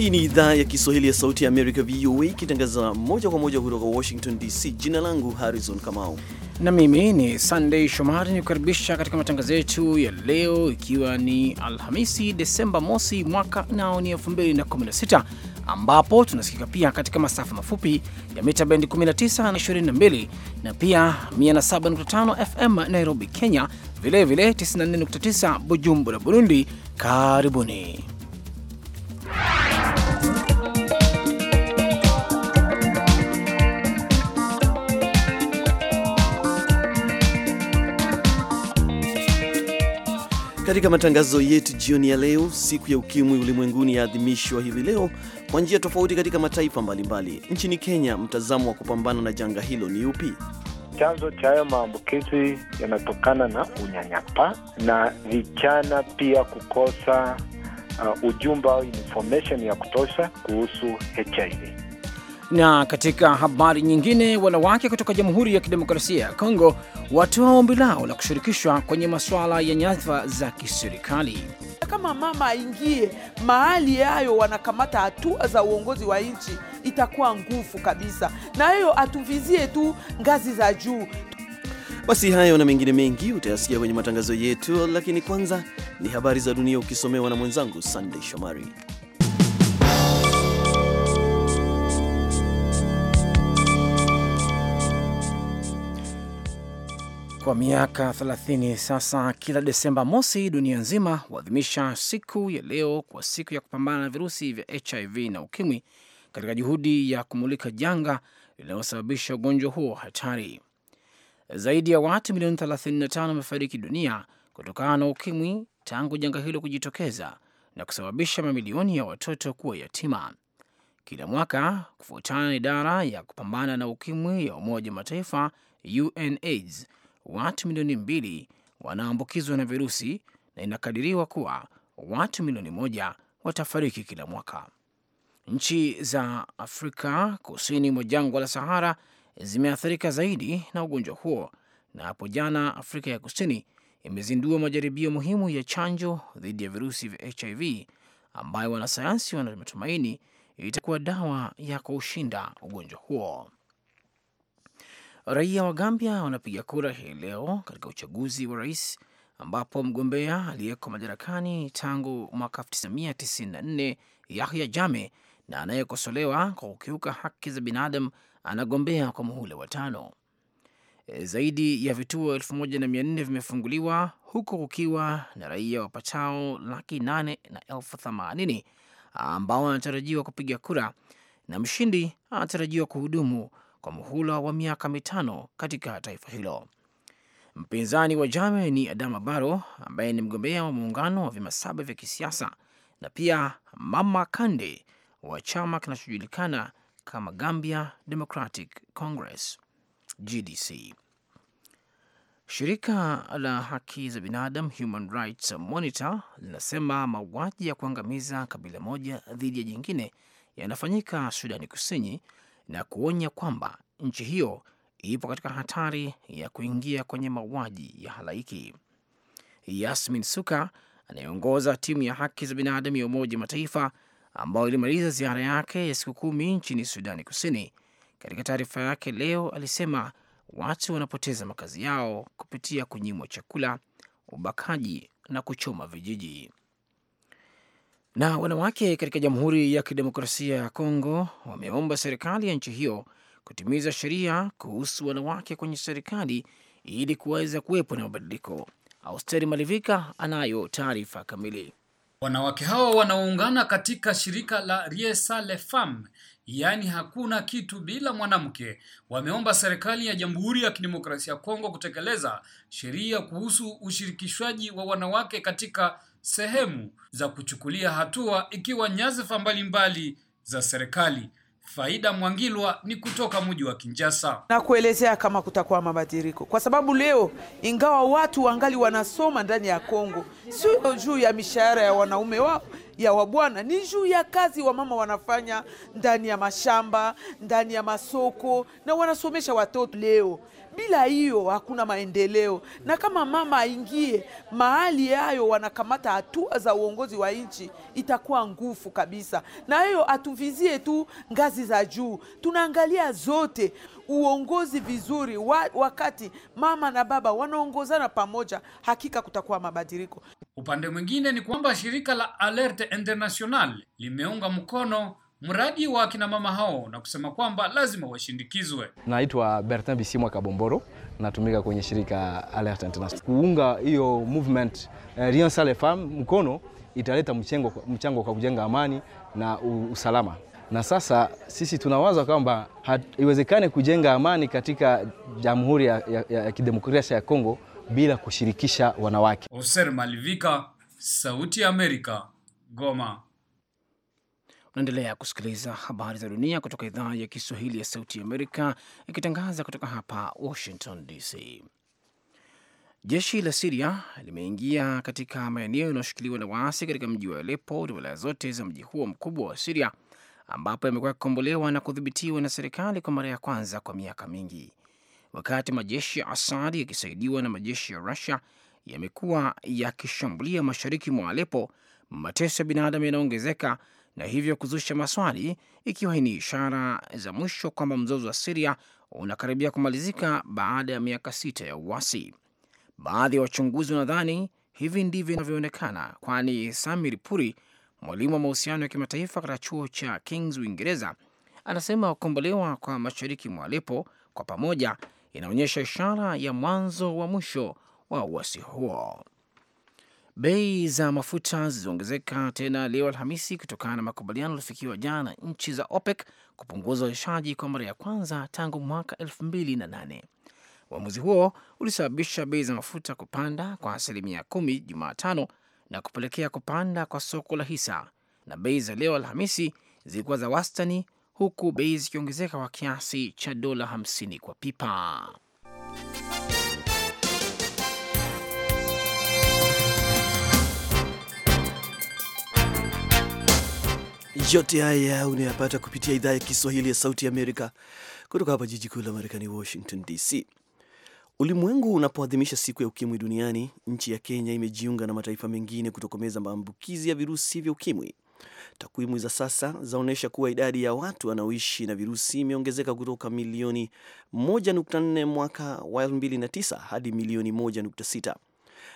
Hii ni idhaa ya Kiswahili ya Sauti ya Amerika, VOA, ikitangaza moja kwa moja kutoka Washington DC. Jina langu Harrison Kamau na mimi ni Sandey Shomari, ni kukaribisha katika matangazo yetu ya leo, ikiwa ni Alhamisi Desemba mosi mwaka nao ni 2016 ambapo tunasikika pia katika masafa mafupi ya mita bendi 19 na 22 na pia 107.5 FM Nairobi, Kenya, vilevile 94.9 Bujumbura, Burundi. Karibuni. Katika matangazo yetu jioni ya leo, siku ya ukimwi ulimwenguni yaadhimishwa hivi leo kwa njia tofauti katika mataifa mbalimbali. Nchini Kenya, mtazamo wa kupambana na janga hilo ni upi? Chanzo cha hayo maambukizi yanatokana na unyanyapaa na vijana pia kukosa uh, ujumbe au information ya kutosha kuhusu HIV. Na katika habari nyingine, wanawake kutoka Jamhuri ya Kidemokrasia ya Kongo watoa ombi lao la kushirikishwa kwenye masuala ya nyadhifa za kiserikali. Kama mama aingie mahali yayo wanakamata hatua za uongozi wa nchi, itakuwa nguvu kabisa, na hiyo atuvizie tu ngazi za juu. Basi hayo na mengine mengi utayasikia kwenye matangazo yetu, lakini kwanza ni habari za dunia ukisomewa na mwenzangu Sandey Shomari. Kwa miaka 30 sasa, kila Desemba mosi dunia nzima huadhimisha siku ya leo kwa siku ya kupambana na virusi vya HIV na ukimwi katika juhudi ya kumulika janga linalosababisha ugonjwa huo hatari. Zaidi ya watu milioni 35 wamefariki dunia kutokana na ukimwi tangu janga hilo kujitokeza na kusababisha mamilioni ya watoto kuwa yatima kila mwaka. Kufuatana na idara ya kupambana na ukimwi ya Umoja Mataifa, UNAIDS watu milioni mbili wanaambukizwa na virusi na inakadiriwa kuwa watu milioni moja watafariki kila mwaka. Nchi za Afrika kusini mwa jangwa la Sahara zimeathirika zaidi na ugonjwa huo, na hapo jana Afrika ya Kusini imezindua majaribio muhimu ya chanjo dhidi ya virusi vya HIV ambayo wanasayansi wanatumaini itakuwa dawa ya kuushinda ugonjwa huo. Raia wa Gambia wanapiga kura hii leo katika uchaguzi wa rais ambapo mgombea aliyeko madarakani tangu mwaka 1994 Yahya Jame na anayekosolewa kwa kukiuka haki za binadamu anagombea kwa muhula wa tano. E, zaidi ya vituo 1400 vimefunguliwa huku kukiwa na raia wapatao laki 8 na elfu ambao wanatarajiwa kupiga kura na mshindi anatarajiwa kuhudumu kwa muhula wa miaka mitano katika taifa hilo. Mpinzani wa Jame ni Adama Baro ambaye ni mgombea wa muungano wa vyama saba vya kisiasa na pia Mama Kande wa chama kinachojulikana kama Gambia Democratic Congress GDC. Shirika la haki za binadam Human Rights Monitor linasema mauaji ya kuangamiza kabila moja dhidi ya jingine yanafanyika Sudani Kusini na kuonya kwamba nchi hiyo ipo katika hatari ya kuingia kwenye mauaji ya halaiki. Yasmin Suka anayeongoza timu ya haki za binadamu ya Umoja wa Mataifa ambayo ilimaliza ziara yake ya siku kumi nchini Sudani Kusini, katika taarifa yake leo alisema watu wanapoteza makazi yao kupitia kunyimwa chakula, ubakaji na kuchoma vijiji. Na wanawake katika Jamhuri ya Kidemokrasia ya Kongo wameomba serikali ya nchi hiyo kutimiza sheria kuhusu wanawake kwenye serikali ili kuweza kuwepo na mabadiliko. Austeri Malivika anayo taarifa kamili. Wanawake hao wanaoungana katika shirika la Riesa Le Fam, yaani hakuna kitu bila mwanamke, wameomba serikali ya Jamhuri ya Kidemokrasia ya Kongo kutekeleza sheria kuhusu ushirikishwaji wa wanawake katika sehemu za kuchukulia hatua ikiwa nyadhifa mbalimbali za serikali. Faida Mwangilwa ni kutoka mji wa Kinshasa na kuelezea kama kutakuwa mabadiliko, kwa sababu leo ingawa watu wangali wanasoma ndani ya Kongo, sio juu ya mishahara ya wanaume wao ya wabwana, ni juu ya kazi wa mama wanafanya ndani ya mashamba, ndani ya masoko na wanasomesha watoto leo bila hiyo hakuna maendeleo, na kama mama aingie mahali hayo wanakamata hatua za uongozi wa nchi itakuwa ngufu kabisa. Na hiyo hatuvizie tu ngazi za juu, tunaangalia zote uongozi vizuri wa, wakati mama na baba wanaongozana pamoja, hakika kutakuwa mabadiliko. Upande mwingine ni kwamba shirika la Alerte International limeunga mkono mradi wa akina mama hao na kusema kwamba lazima washindikizwe. Naitwa Bertin Bisimwa Kabomboro, natumika kwenye shirika Alert International kuunga hiyo movement eh, Rien Sans Les Femmes mkono italeta mchango, mchango kwa kujenga amani na usalama. Na sasa sisi tunawaza kwamba haiwezekani kujenga amani katika Jamhuri ya, ya, ya, ya Kidemokrasia ya Kongo bila kushirikisha wanawake. Oser Malivika, Sauti ya Amerika, Goma. Unaendelea kusikiliza habari za dunia kutoka idhaa ya Kiswahili ya Sauti ya Amerika ikitangaza kutoka hapa Washington DC. Jeshi la Siria limeingia katika maeneo yanayoshikiliwa na waasi katika mji wa Alepo na wilaya zote za mji huo mkubwa wa Siria ambapo yamekuwa yakikombolewa na kudhibitiwa na serikali kwa mara ya kwanza kwa miaka mingi, wakati majeshi ya Asad yakisaidiwa na majeshi ya Rusia yamekuwa yakishambulia mashariki mwa Alepo. Mateso ya binadamu yanaongezeka na hivyo kuzusha maswali ikiwa hii ni ishara za mwisho kwamba mzozo wa Siria unakaribia kumalizika baada ya miaka sita ya uwasi Baadhi ya wachunguzi wanadhani hivi ndivyo inavyoonekana, kwani Samir Puri, mwalimu wa mahusiano ya kimataifa katika chuo cha Kings Uingereza, anasema kukombolewa kwa mashariki mwa Alepo kwa pamoja inaonyesha ishara ya mwanzo wa mwisho wa uwasi huo. Bei za mafuta ziliongezeka tena leo Alhamisi kutokana na makubaliano aliofikiwa jana na nchi za OPEC kupunguza uzalishaji kwa mara ya kwanza tangu mwaka elfu mbili na nane. Uamuzi huo ulisababisha bei za mafuta kupanda kwa asilimia kumi Jumatano na kupelekea kupanda kwa soko la hisa, na bei za leo Alhamisi zilikuwa za wastani, huku bei zikiongezeka kwa kiasi cha dola 50 kwa pipa. Yote haya unayapata kupitia idhaa ya Kiswahili ya Sauti Amerika kutoka hapa jiji kuu la Marekani, Washington DC. Ulimwengu unapoadhimisha siku ya ukimwi duniani, nchi ya Kenya imejiunga na mataifa mengine kutokomeza maambukizi ya virusi vya ukimwi. Takwimu za sasa zaonyesha kuwa idadi ya watu wanaoishi na virusi imeongezeka kutoka milioni 1.4 mwaka wa 2009 hadi milioni 1.6,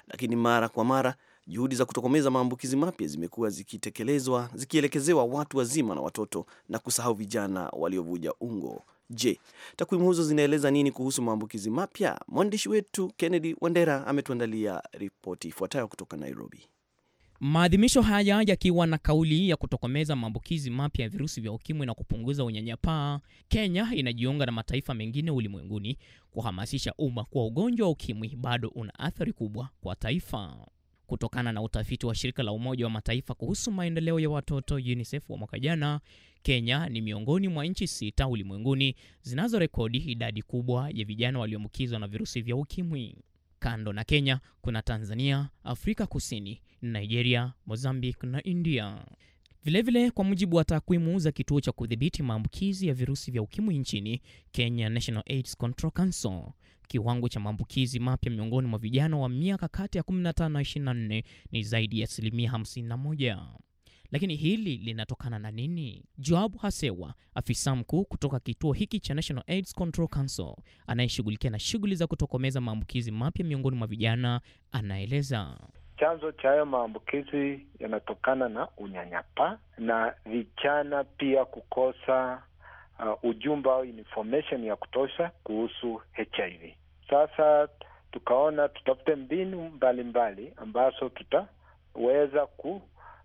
lakini mara kwa mara Juhudi za kutokomeza maambukizi mapya zimekuwa zikitekelezwa zikielekezewa watu wazima na watoto na kusahau vijana waliovuja ungo. Je, takwimu hizo zinaeleza nini kuhusu maambukizi mapya? Mwandishi wetu Kennedy Wandera ametuandalia ripoti ifuatayo kutoka Nairobi. Maadhimisho haya yakiwa na kauli ya kutokomeza maambukizi mapya ya virusi vya ukimwi na kupunguza unyanyapaa, Kenya inajiunga na mataifa mengine ulimwenguni kuhamasisha umma kuwa ugonjwa wa ukimwi bado una athari kubwa kwa taifa kutokana na utafiti wa shirika la Umoja wa Mataifa kuhusu maendeleo ya watoto UNICEF wa mwaka jana, Kenya ni miongoni mwa nchi sita ulimwenguni zinazorekodi idadi kubwa ya vijana walioambukizwa na virusi vya ukimwi. Kando na Kenya kuna Tanzania, Afrika Kusini, Nigeria, Mozambique na India. Vilevile vile, kwa mujibu wa takwimu za kituo cha kudhibiti maambukizi ya virusi vya ukimwi nchini Kenya, National AIDS Control Council, kiwango cha maambukizi mapya miongoni mwa vijana wa miaka kati ya 15 na 24 ni zaidi ya asilimia 51. Lakini hili linatokana na nini? Joab Hasewa, afisa mkuu kutoka kituo hiki cha National AIDS Control Council anayeshughulikia na shughuli za kutokomeza maambukizi mapya miongoni mwa vijana, anaeleza chanzo cha hayo maambukizi yanatokana na unyanyapaa na vijana pia kukosa uh, ujumbe au information ya kutosha kuhusu HIV. Sasa tukaona tutafute mbinu mbalimbali ambazo tutaweza ku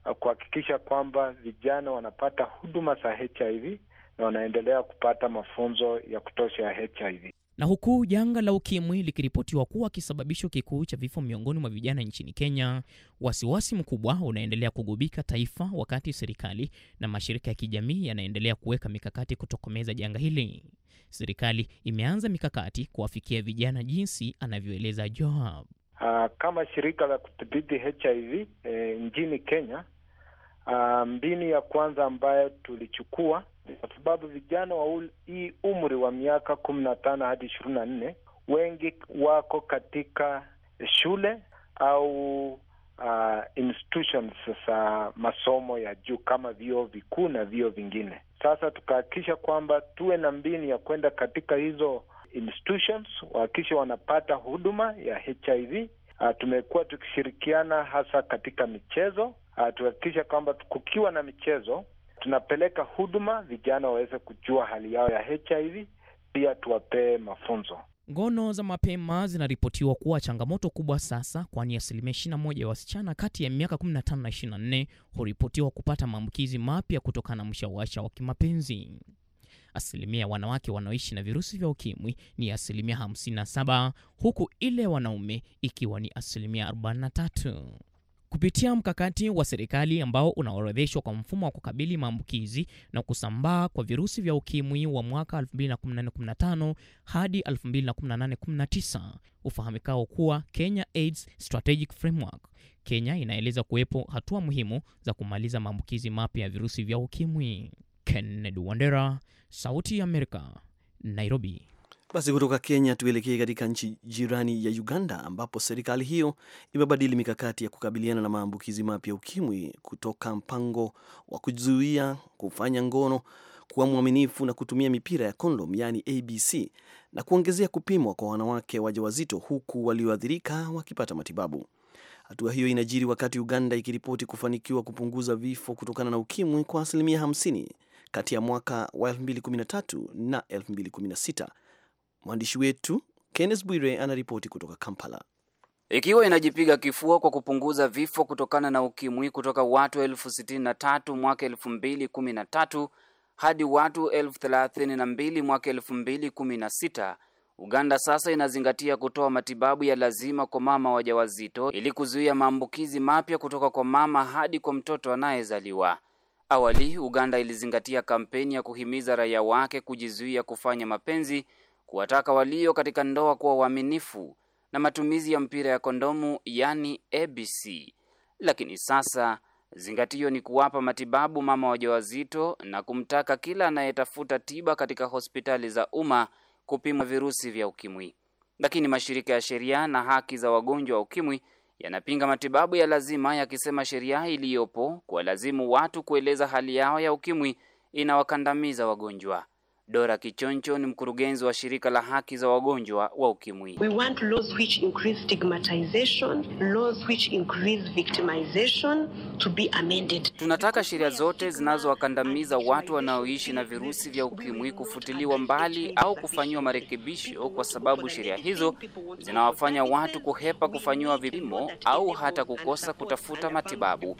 uh, kuhakikisha kwamba vijana wanapata huduma za HIV na wanaendelea kupata mafunzo ya kutosha ya HIV. Na huku janga la ukimwi likiripotiwa kuwa kisababisho kikuu cha vifo miongoni mwa vijana nchini Kenya, wasiwasi mkubwa unaendelea kugubika taifa, wakati serikali na mashirika ya kijamii yanaendelea kuweka mikakati kutokomeza janga hili. Serikali imeanza mikakati kuwafikia vijana, jinsi anavyoeleza Joab. Ah, kama shirika la kudhibiti HIV eh, nchini Kenya, ah, mbinu ya kwanza ambayo tulichukua kwa sababu vijana wa hii umri wa miaka kumi na tano hadi ishirini na nne wengi wako katika shule au Uh, institutions za masomo ya juu kama vyuo vikuu na vyuo vingine. Sasa tukahakikisha kwamba tuwe na mbinu ya kwenda katika hizo institutions wahakikisha wanapata huduma ya HIV. Uh, ah, tumekuwa tukishirikiana hasa katika michezo uh, ah, tuhakikisha kwamba kukiwa na michezo tunapeleka huduma, vijana waweze kujua hali yao ya HIV, pia tuwapee mafunzo. Ngono za mapema zinaripotiwa kuwa changamoto kubwa sasa, kwani asilimia 21 ya wasichana kati ya miaka 15 na 24 huripotiwa kupata maambukizi mapya kutokana na mshawasha wa kimapenzi. Asilimia ya wanawake wanaoishi na virusi vya ukimwi ni asilimia 57, huku ile wanaume ikiwa ni asilimia 43. Kupitia mkakati wa serikali ambao unaorodheshwa kwa mfumo wa kukabili maambukizi na kusambaa kwa virusi vya ukimwi wa mwaka 2014-15 hadi 2018-19 ufahamikao kuwa Kenya AIDS Strategic Framework, Kenya inaeleza kuwepo hatua muhimu za kumaliza maambukizi mapya ya virusi vya ukimwi. Kennedy Wandera, Sauti ya Amerika, Nairobi. Basi kutoka Kenya tuelekee katika nchi jirani ya Uganda, ambapo serikali hiyo imebadili mikakati ya kukabiliana na maambukizi mapya ukimwi kutoka mpango wa kuzuia kufanya ngono kuwa mwaminifu na kutumia mipira ya kondom, yani ABC, na kuongezea kupimwa kwa wanawake wajawazito, huku walioathirika wakipata matibabu. Hatua hiyo inajiri wakati Uganda ikiripoti kufanikiwa kupunguza vifo kutokana na ukimwi kwa asilimia 50 kati ya mwaka wa 2013 na 2016 Mwandishi wetu Kenneth Bwire anaripoti kutoka Kampala. Ikiwa inajipiga kifua kwa kupunguza vifo kutokana na ukimwi kutoka watu elfu sitini na tatu mwaka elfu mbili kumi na tatu hadi watu elfu thelathini na mbili mwaka elfu mbili kumi na sita Uganda sasa inazingatia kutoa matibabu ya lazima kwa mama wajawazito ili kuzuia maambukizi mapya kutoka kwa mama hadi kwa mtoto anayezaliwa. Awali Uganda ilizingatia kampeni ya kuhimiza raia wake kujizuia kufanya mapenzi kuwataka walio katika ndoa kuwa waaminifu na matumizi ya mpira ya kondomu yani ABC. Lakini sasa zingatio ni kuwapa matibabu mama wajawazito na kumtaka kila anayetafuta tiba katika hospitali za umma kupimwa virusi vya ukimwi. Lakini mashirika ya sheria na haki za wagonjwa wa ukimwi yanapinga matibabu ya lazima yakisema sheria iliyopo kuwalazimu watu kueleza hali yao ya ukimwi inawakandamiza wagonjwa. Dora Kichoncho ni mkurugenzi wa shirika la haki za wagonjwa wa ukimwi. We want laws which increase stigmatization, laws which increase victimization to be amended. Tunataka sheria zote zinazowakandamiza watu wanaoishi na virusi vya ukimwi kufutiliwa mbali au kufanyiwa marekebisho, kwa sababu sheria hizo zinawafanya watu kuhepa kufanyiwa vipimo au hata kukosa kutafuta matibabu.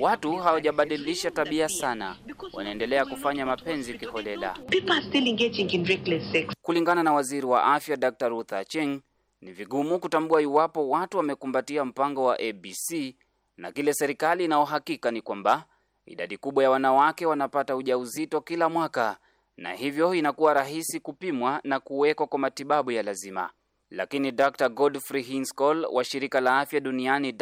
Watu hawajabadilisha tabia sana, wanaendelea kufanya mapenzi kiholela still engaging in reckless sex. Kulingana na waziri wa afya Dr. Ruth Acheng, ni vigumu kutambua iwapo watu wamekumbatia mpango wa ABC na kile serikali inaohakika ni kwamba idadi kubwa ya wanawake wanapata ujauzito kila mwaka na hivyo inakuwa rahisi kupimwa na kuwekwa kwa matibabu ya lazima. Lakini Dr. Godfrey hinscol wa shirika la afya duniani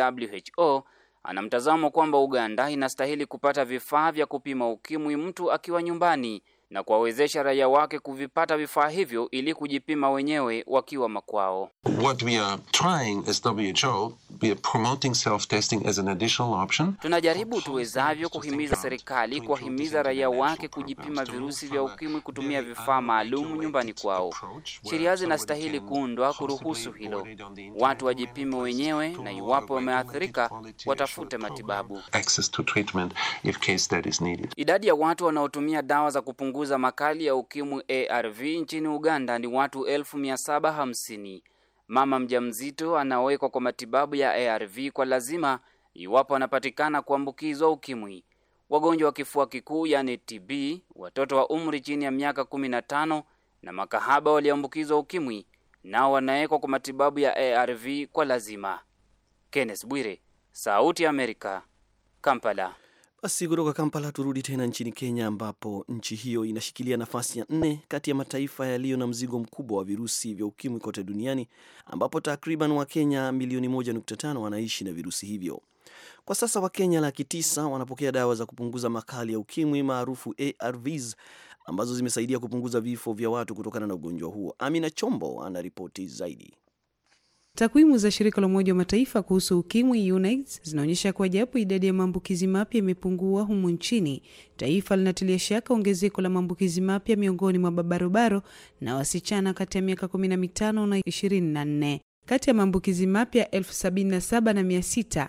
WHO ana mtazamo kwamba Uganda inastahili kupata vifaa vya kupima ukimwi mtu akiwa nyumbani na kuwawezesha raia wake kuvipata vifaa hivyo ili kujipima wenyewe wakiwa makwao. What we are trying as WHO, we are promoting self-testing as an additional option. Tunajaribu tuwezavyo kuhimiza serikali kuwahimiza raia wake kujipima virusi vya ukimwi kutumia vifaa maalum nyumbani kwao. Sheria zinastahili kuundwa kuruhusu hilo, watu wajipime wenyewe na iwapo wameathirika watafute matibabu. Idadi ya watu wanaotumia dawa za kupunguza kupunguza makali ya ukimwi ARV nchini Uganda ni watu 1750. Mama mjamzito anawekwa kwa matibabu ya ARV kwa lazima iwapo anapatikana kuambukizwa ukimwi. Wagonjwa wa kifua kikuu yani TB, watoto wa umri chini ya miaka 15 na makahaba walioambukizwa ukimwi nao wanawekwa kwa matibabu ya ARV kwa lazima. Kenneth Bwire, Sauti ya Amerika, Kampala. Basi kutoka Kampala turudi tena nchini Kenya, ambapo nchi hiyo inashikilia nafasi ya nne kati ya mataifa yaliyo na mzigo mkubwa wa virusi vya ukimwi kote duniani, ambapo takriban Wakenya milioni 1.5 wanaishi na virusi hivyo. Kwa sasa Wakenya laki tisa wanapokea dawa za kupunguza makali ya ukimwi maarufu ARVs ambazo zimesaidia kupunguza vifo vya watu kutokana na ugonjwa huo. Amina Chombo anaripoti zaidi. Takwimu za shirika la Umoja wa Mataifa kuhusu ukimwi UNAIDS zinaonyesha kuwa japo idadi ya maambukizi mapya imepungua humu nchini, taifa linatilia shaka ongezeko la maambukizi mapya miongoni mwa babarobaro na wasichana kati ya miaka kumi na mitano na ishirini na nne. Kati ya maambukizi mapya elfu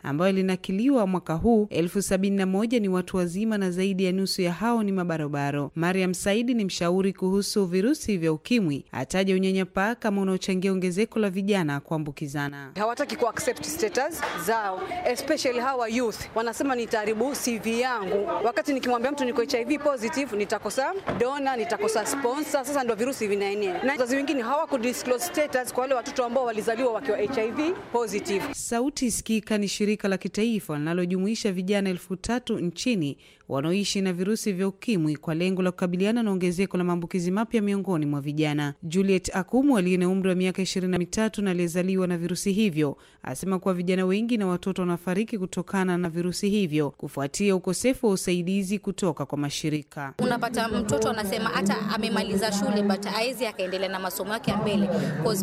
ambayo linakiliwa mwaka huu, 71 ni watu wazima na zaidi ya nusu ya hao ni mabarobaro. Mariam Saidi ni mshauri kuhusu virusi vya ukimwi, ataja unyanyapaa kama unaochangia ongezeko la vijana kuambukizana. Hawataki ku status zao, especially hawa youth. Wanasema nitaharibu CV yangu, wakati nikimwambia mtu niko HIV positive nitakosa dona, nitakosa sponsor. Sasa ndo virusi vinaenea, na wazazi wengine hawakudisclose disclose status kwa wale watoto ambao walizaliwa wakiwa wakiwa HIV positive. Sauti Sikika ni shirika la kitaifa linalojumuisha vijana elfu tatu nchini wanaoishi na virusi vya ukimwi kwa lengo la kukabiliana na ongezeko la maambukizi mapya miongoni mwa vijana. Juliet Akumu aliye na umri wa miaka ishirini na mitatu na aliyezaliwa na virusi hivyo asema kuwa vijana wengi na watoto wanafariki kutokana na virusi hivyo kufuatia ukosefu wa usaidizi kutoka kwa mashirika. Unapata mtoto anasema hata amemaliza shule but aezi akaendelea na masomo yake ya mbele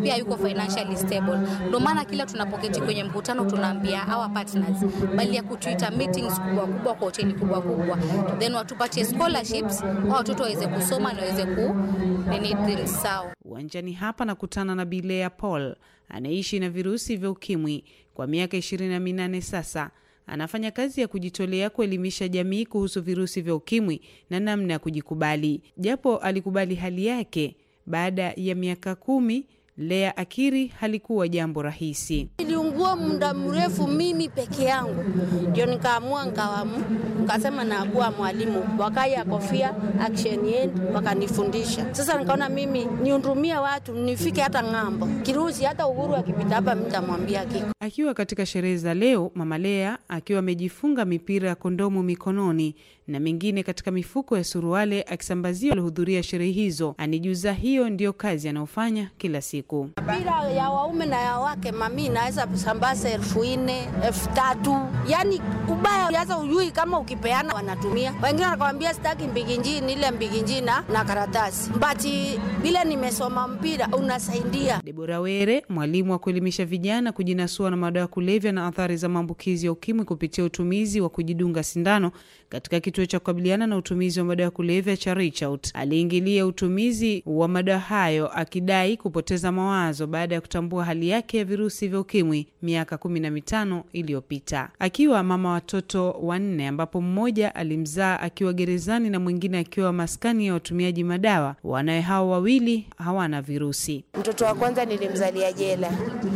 pia yuko financially stable accountable. Ndio maana kila tunapoketi kwenye mkutano tunaambia our partners, bali ya kutuita meetings kubwa kubwa kwa hoteli kubwa kubwa, then watupatie scholarships au watoto waweze kusoma na waweze ku sawa. Uwanjani hapa nakutana na Bilea Paul anaishi na virusi vya ukimwi kwa miaka ishirini na minane sasa anafanya kazi ya kujitolea kuelimisha jamii kuhusu virusi vya ukimwi na namna ya kujikubali. Japo alikubali hali yake baada ya miaka kumi Lea akiri halikuwa jambo rahisi. Niliungua muda mrefu mimi peke yangu, ndio nikaamua nkawam nkasema nakuwa mwalimu. Wakaya kofia action wakanifundisha. Sasa nikaona mimi niundumia watu nifike hata ng'ambo kirusi, hata Uhuru akipita hapa mtamwambia kiko. Akiwa katika sherehe za leo, Mama Lea akiwa amejifunga mipira ya kondomu mikononi na mengine katika mifuko ya suruale akisambazia walihudhuria sherehe hizo. Anijuza hiyo ndiyo kazi anayofanya kila siku. Bila ya waume na ya wake, mami inaweza kusambaza elfu nne elfu tatu yani ubaya aza ujui kama ukipeana wanatumia wengine, wanakwambia sitaki mbiginjii nile mbiginjina na karatasi mbati bila nimesoma mpira unasaidia. Debora Were, mwalimu wa kuelimisha vijana kujinasua na madawa ya kulevya na athari za maambukizi ya ukimwi kupitia utumizi wa kujidunga sindano katika kituo cha kukabiliana na utumizi wa madawa ya kulevya cha Reachout aliingilia utumizi wa madawa hayo akidai kupoteza mawazo baada ya kutambua hali yake ya virusi vya ukimwi miaka kumi na mitano iliyopita, akiwa mama watoto wanne, ambapo mmoja alimzaa akiwa gerezani na mwingine akiwa maskani ya watumiaji madawa. Wanawe hao wawili hawana virusi. Mtoto wa kwanza nilimzalia jela,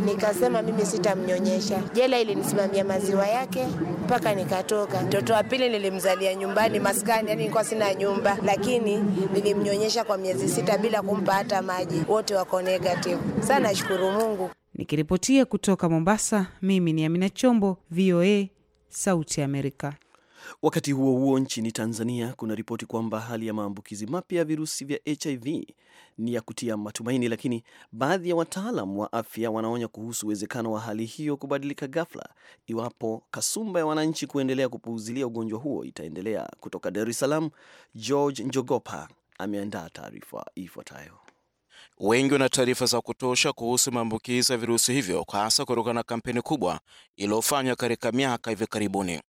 nikasema mimi sitamnyonyesha. Jela ilinisimamia maziwa yake mpaka nikatoka. Mtoto wa pili nilimzalia nilizalia nyumbani maskani, yani nilikuwa sina nyumba, lakini nilimnyonyesha kwa miezi sita bila kumpa hata maji, wote wako negative. Sasa nashukuru Mungu. Nikiripotia kutoka Mombasa, mimi ni Amina Chombo, VOA, Sauti ya Amerika. Wakati huo huo, nchini Tanzania kuna ripoti kwamba hali ya maambukizi mapya ya virusi vya HIV ni ya kutia matumaini, lakini baadhi ya wataalam wa afya wanaonya kuhusu uwezekano wa hali hiyo kubadilika ghafla iwapo kasumba ya wananchi kuendelea kupuuzilia ugonjwa huo itaendelea. Kutoka Dar es Salaam, George Njogopa ameandaa taarifa ifuatayo. Wengi wana taarifa za kutosha kuhusu maambukizi ya virusi hivyo, hasa kutokana na kampeni kubwa iliyofanywa katika miaka hivi karibuni.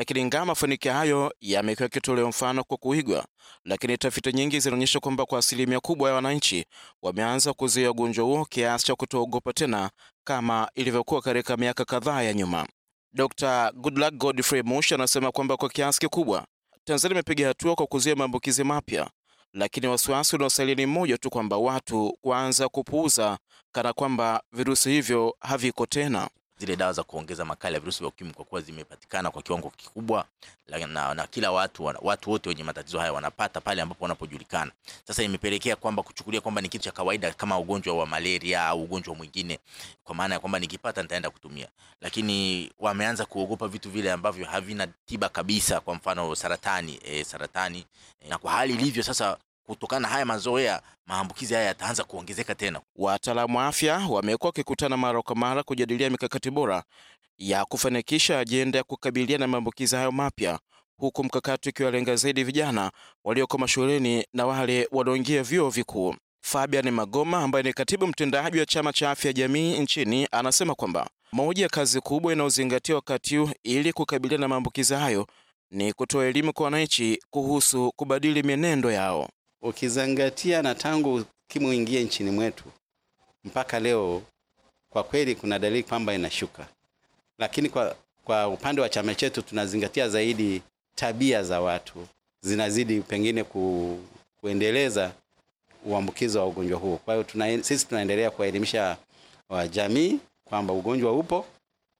Lakini ingawa mafanikio hayo yamekuwa kitoleo mfano kwa kuigwa, lakini tafiti nyingi zinaonyesha kwamba kwa asilimia kubwa ya wananchi wameanza kuzuia ugonjwa huo kiasi cha kutoogopa tena kama ilivyokuwa katika miaka kadhaa ya nyuma. Dr. Goodluck Godfrey Mush anasema kwamba kwa kiasi kikubwa Tanzania imepiga hatua kwa kuzuia maambukizi mapya, lakini wasiwasi unaosalia ni mmoja tu, kwamba watu kuanza kupuuza kana kwamba virusi hivyo haviko tena zile dawa za kuongeza makali ya virusi vya ukimwi kwa kuwa zimepatikana kwa kiwango kikubwa na, na kila watu watu wote wenye matatizo haya wanapata pale ambapo wanapojulikana. Sasa imepelekea kwamba kuchukulia kwamba ni kitu cha kawaida kama ugonjwa wa malaria au ugonjwa mwingine, kwa maana ya kwamba nikipata nitaenda kutumia, lakini wameanza kuogopa vitu vile ambavyo havina tiba kabisa, kwa mfano saratani e, saratani e, na kwa hali ilivyo sasa kutokana na haya mazoea, maambukizi haya yataanza kuongezeka tena. Wataalamu wa afya wamekuwa wakikutana mara kwa mara kujadilia mikakati bora ya kufanikisha ajenda ya kukabiliana na maambukizi hayo mapya, huku mkakati ukiwalenga zaidi vijana walioko mashuleni na wale wanaoingia vyuo vikuu. Fabian Magoma ambaye ni katibu mtendaji wa chama cha afya jamii nchini anasema kwamba moja ya kazi kubwa inayozingatia wakati huu ili kukabiliana na maambukizi hayo ni kutoa elimu kwa wananchi kuhusu kubadili mienendo yao. Ukizingatia na tangu ukimwi uingie nchini mwetu mpaka leo, kwa kweli kuna dalili kwamba inashuka, lakini kwa, kwa upande wa chama chetu tunazingatia zaidi tabia za watu zinazidi pengine ku, kuendeleza uambukizo wa ugonjwa huo. Kwa hiyo tuna, sisi tunaendelea kuwaelimisha wajamii kwamba ugonjwa upo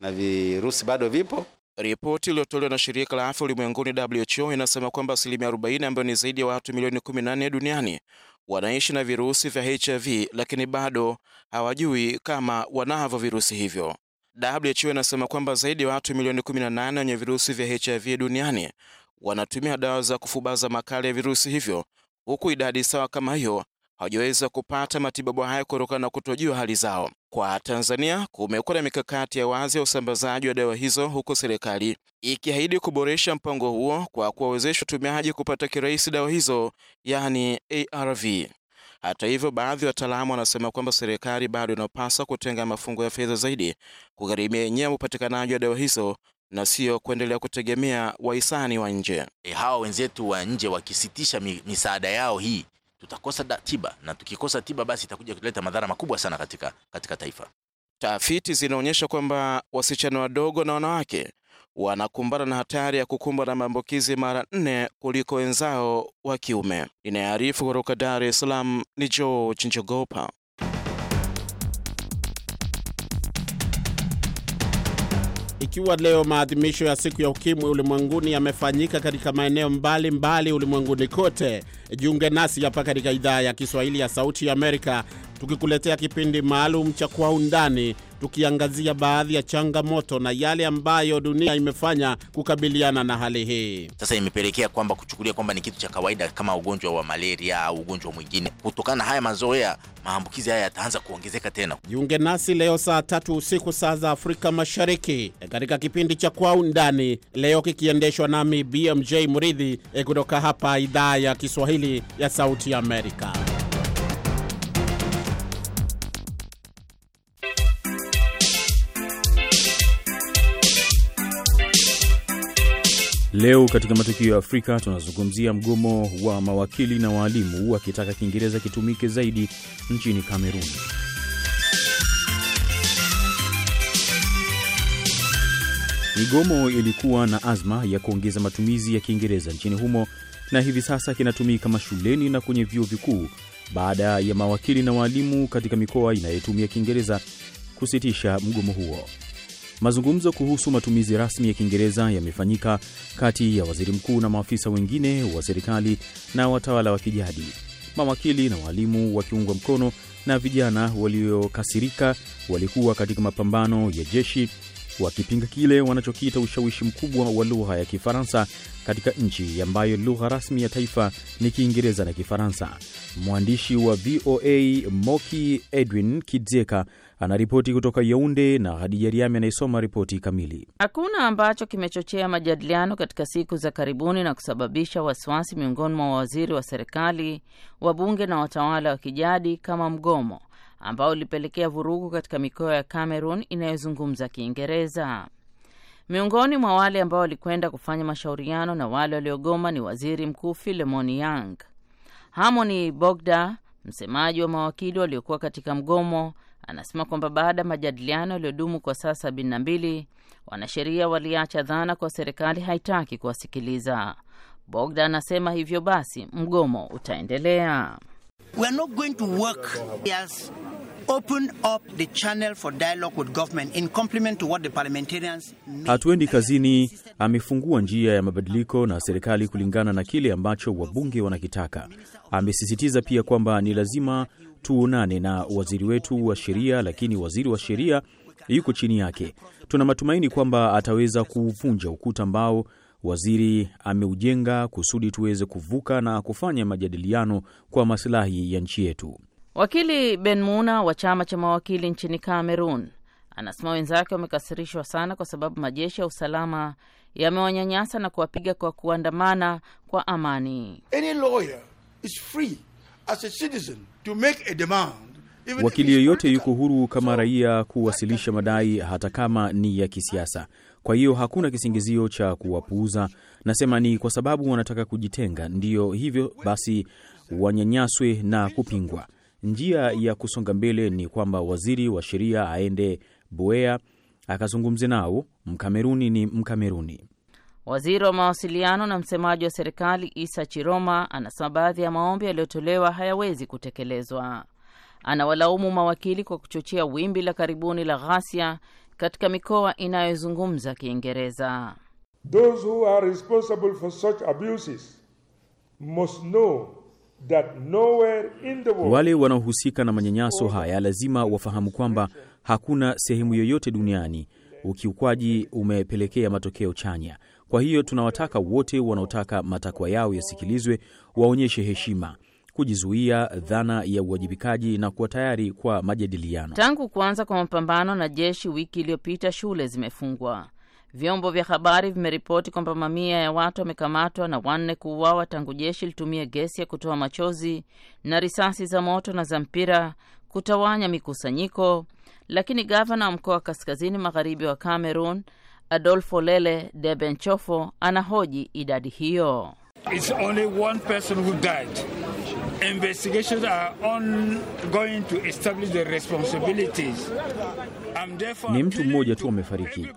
na virusi bado vipo Ripoti iliyotolewa na shirika la afya ulimwenguni WHO inasema kwamba asilimia 40 ambayo ni zaidi ya watu milioni 18 duniani wanaishi na virusi vya HIV, lakini bado hawajui kama wanavyo virusi hivyo. WHO inasema kwamba zaidi ya watu milioni 18 wenye virusi vya HIV duniani wanatumia dawa za kufubaza makali ya virusi hivyo, huku idadi sawa kama hiyo hawajaweza kupata matibabu hayo kutokana na kutojua hali zao. Kwa Tanzania kumekuwa na mikakati ya wazi ya usambazaji wa dawa hizo, huku serikali ikiahidi kuboresha mpango huo kwa kuwawezesha watumiaji kupata kirahisi dawa hizo, yani ARV. Hata hivyo, baadhi ya wataalamu wanasema kwamba serikali bado inapaswa kutenga mafungo ya fedha zaidi kugharimia yenyewe upatikanaji wa dawa hizo na sio kuendelea kutegemea wahisani wa nje. E, hawa wenzetu wa nje wakisitisha misaada yao hii tutakosa tiba, na tukikosa tiba, basi itakuja kuleta madhara makubwa sana katika, katika taifa. Tafiti zinaonyesha kwamba wasichana wadogo na wanawake wanakumbana na hatari ya kukumbwa na maambukizi mara nne kuliko wenzao wa kiume. Inayoarifu kutoka Dar es Salaam ni George Njogopa. ikiwa leo maadhimisho ya siku ya ukimwi ulimwenguni yamefanyika katika maeneo mbalimbali ulimwenguni kote, jiunge nasi hapa katika idhaa ya Kiswahili ya Sauti ya Amerika, tukikuletea kipindi maalum cha Kwa Undani tukiangazia baadhi ya changamoto na yale ambayo dunia imefanya kukabiliana na hali hii. Sasa imepelekea kwamba kuchukulia kwamba ni kitu cha kawaida kama ugonjwa wa malaria au ugonjwa mwingine. Kutokana na haya mazoea, maambukizi haya yataanza kuongezeka tena. Jiunge nasi leo saa tatu usiku saa za Afrika Mashariki e, katika kipindi cha Kwa Undani, leo kikiendeshwa nami BMJ Muridhi e, kutoka hapa idhaa ya Kiswahili ya Sauti Amerika. Leo katika matukio ya Afrika tunazungumzia mgomo wa mawakili na waalimu wakitaka Kiingereza kitumike zaidi nchini Kameruni. Migomo ilikuwa na azma ya kuongeza matumizi ya Kiingereza nchini humo na hivi sasa kinatumika mashuleni na kwenye vyuo vikuu baada ya mawakili na waalimu katika mikoa inayotumia Kiingereza kusitisha mgomo huo. Mazungumzo kuhusu matumizi rasmi ya Kiingereza yamefanyika kati ya waziri mkuu na maafisa wengine wa serikali na watawala wa kijadi. Mawakili na waalimu wakiungwa mkono na vijana waliokasirika walikuwa katika mapambano ya jeshi wakipinga kile wanachokiita ushawishi mkubwa wa lugha ya Kifaransa katika nchi ambayo lugha rasmi ya taifa ni Kiingereza na Kifaransa. Mwandishi wa VOA Moki Edwin Kidzeka anaripoti kutoka Yaunde na Hadija Riami anaisoma ripoti kamili. Hakuna ambacho kimechochea majadiliano katika siku za karibuni na kusababisha wasiwasi miongoni mwa waziri wa serikali, wabunge na watawala wa kijadi kama mgomo ambao ulipelekea vurugu katika mikoa ya Cameroon inayozungumza Kiingereza. Miongoni mwa wale ambao walikwenda kufanya mashauriano na wale waliogoma ni waziri mkuu Filemon Yang. Harmony Bogda, msemaji wa mawakili waliokuwa katika mgomo, anasema kwamba baada ya majadiliano yaliyodumu kwa saa sabini na mbili wanasheria waliacha dhana kwa serikali haitaki kuwasikiliza. Bogda anasema hivyo basi mgomo utaendelea. We are not going to work Hatuendi kazini, amefungua njia ya mabadiliko na serikali kulingana na kile ambacho wabunge wanakitaka. Amesisitiza pia kwamba ni lazima tuonane na waziri wetu wa sheria, lakini waziri wa sheria yuko chini yake. Tuna matumaini kwamba ataweza kuuvunja ukuta ambao waziri ameujenga kusudi tuweze kuvuka na kufanya majadiliano kwa masilahi ya nchi yetu. Wakili Ben Muna wa chama cha mawakili nchini Cameroon anasema wenzake wamekasirishwa sana kwa sababu majeshi ya usalama yamewanyanyasa na kuwapiga kwa kuandamana kwa amani. Any lawyer is free as a citizen to make a demand. Wakili yoyote yuko huru kama raia kuwasilisha madai hata kama ni ya kisiasa. Kwa hiyo hakuna kisingizio cha kuwapuuza. Nasema ni kwa sababu wanataka kujitenga, ndiyo hivyo basi wanyanyaswe na kupingwa. Njia ya kusonga mbele ni kwamba waziri wa sheria aende Buea akazungumze nao. Mkameruni ni Mkameruni. Waziri wa mawasiliano na msemaji wa serikali Isa Chiroma anasema baadhi ya maombi yaliyotolewa hayawezi kutekelezwa. Anawalaumu mawakili kwa kuchochea wimbi la karibuni la ghasia katika mikoa inayozungumza Kiingereza. Those who are responsible for such abuses must know wale wanaohusika na manyanyaso haya lazima wafahamu kwamba hakuna sehemu yoyote duniani ukiukwaji umepelekea matokeo chanya. Kwa hiyo tunawataka wote wanaotaka matakwa yao yasikilizwe waonyeshe heshima, kujizuia dhana ya uwajibikaji na kuwa tayari kwa majadiliano. Tangu kuanza kwa mapambano na jeshi wiki iliyopita, shule zimefungwa. Vyombo vya habari vimeripoti kwamba mamia ya watu wamekamatwa na wanne kuuawa tangu jeshi litumie gesi ya kutoa machozi na risasi za moto na za mpira kutawanya mikusanyiko, lakini gavana wa mkoa wa kaskazini magharibi wa Cameroon Adolfo Lele Debenchofo anahoji idadi hiyo. It's only one person who died. Investigations are ongoing to establish the responsibilities. Ni mtu mmoja tu amefariki,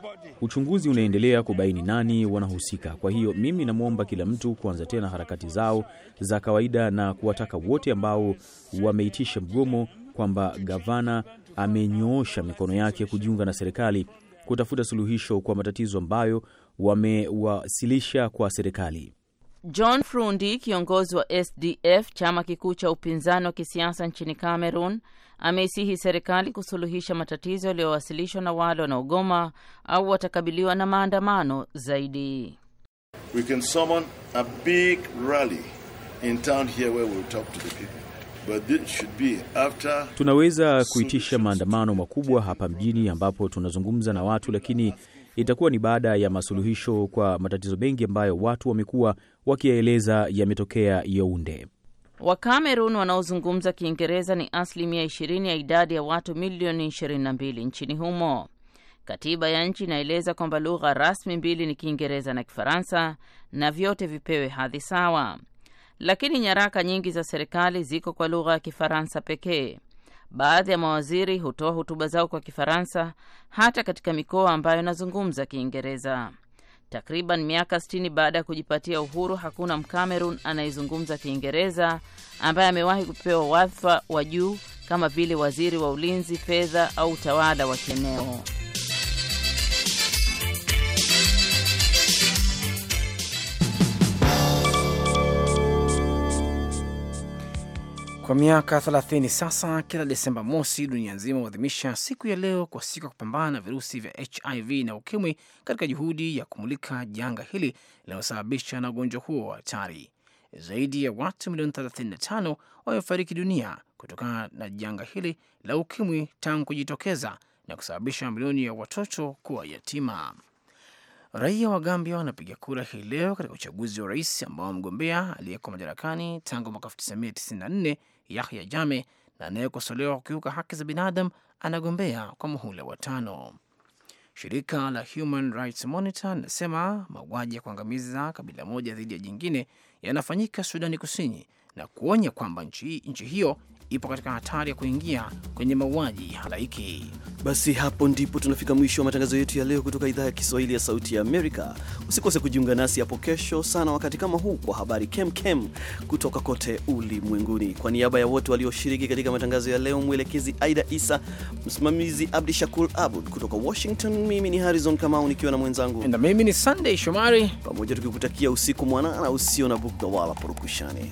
Uchunguzi unaendelea kubaini nani wanahusika. Kwa hiyo mimi namwomba kila mtu kuanza tena harakati zao za kawaida na kuwataka wote ambao wameitisha mgomo kwamba gavana amenyoosha mikono yake kujiunga na serikali kutafuta suluhisho kwa matatizo ambayo wamewasilisha kwa serikali. John Frundi, kiongozi wa SDF, chama kikuu cha upinzani wa kisiasa nchini Cameroon, ameisihi serikali kusuluhisha matatizo yaliyowasilishwa na wale wanaogoma au watakabiliwa na maandamano zaidi. We can summon a big rally in town here where we'll talk to the people. But this should be after... tunaweza kuitisha maandamano makubwa hapa mjini ambapo tunazungumza na watu, lakini itakuwa ni baada ya masuluhisho kwa matatizo mengi ambayo watu wamekuwa wakiyaeleza yametokea Yaunde wa Kamerun wanaozungumza Kiingereza ni asilimia 20 ya idadi ya watu milioni 22 nchini humo. Katiba ya nchi inaeleza kwamba lugha rasmi mbili ni Kiingereza na Kifaransa na vyote vipewe hadhi sawa, lakini nyaraka nyingi za serikali ziko kwa lugha ya Kifaransa pekee. Baadhi ya mawaziri hutoa hotuba zao kwa Kifaransa hata katika mikoa ambayo inazungumza Kiingereza. Takriban miaka 60 baada ya kujipatia uhuru, hakuna Mkamerun anayezungumza Kiingereza ambaye amewahi kupewa wadhifa wa juu kama vile waziri wa ulinzi, fedha au utawala wa kieneo. Kwa miaka 30 sasa, kila Desemba mosi, dunia nzima huadhimisha siku ya leo kwa siku ya kupambana na virusi vya HIV na ukimwi katika juhudi ya kumulika janga hili linalosababishwa na ugonjwa huo wa hatari. Zaidi ya watu milioni 35 wamefariki dunia kutokana na janga hili la ukimwi tangu kujitokeza na kusababisha mamilioni ya watoto kuwa yatima. Raia wa Gambia wanapiga kura hii leo katika uchaguzi wa rais ambao mgombea aliyeko madarakani tangu mwaka Yahya jame na anayekosolewa kukiuka haki za binadamu anagombea kwa muhula wa tano. Shirika la Human Rights Monitor linasema mauaji ya kuangamiza kabila moja dhidi ya jingine yanafanyika Sudani Kusini na kuonya kwamba nchi, nchi hiyo ipo katika hatari ya kuingia kwenye mauaji halaiki. Basi hapo ndipo tunafika mwisho wa matangazo yetu ya leo kutoka idhaa ya Kiswahili ya Sauti ya Amerika. Usikose kujiunga nasi hapo kesho sana wakati kama huu kwa habari kemkem kutoka kote ulimwenguni. Kwa niaba ya wote walioshiriki katika matangazo ya leo, mwelekezi Aida Isa, msimamizi Abdi Shakur Abud kutoka Washington, mimi ni Harrison Kamau nikiwa na mwenzangu na mimi ni Sunday Shomari, pamoja tukikutakia usiku mwanana usio na bukta wala purukushani.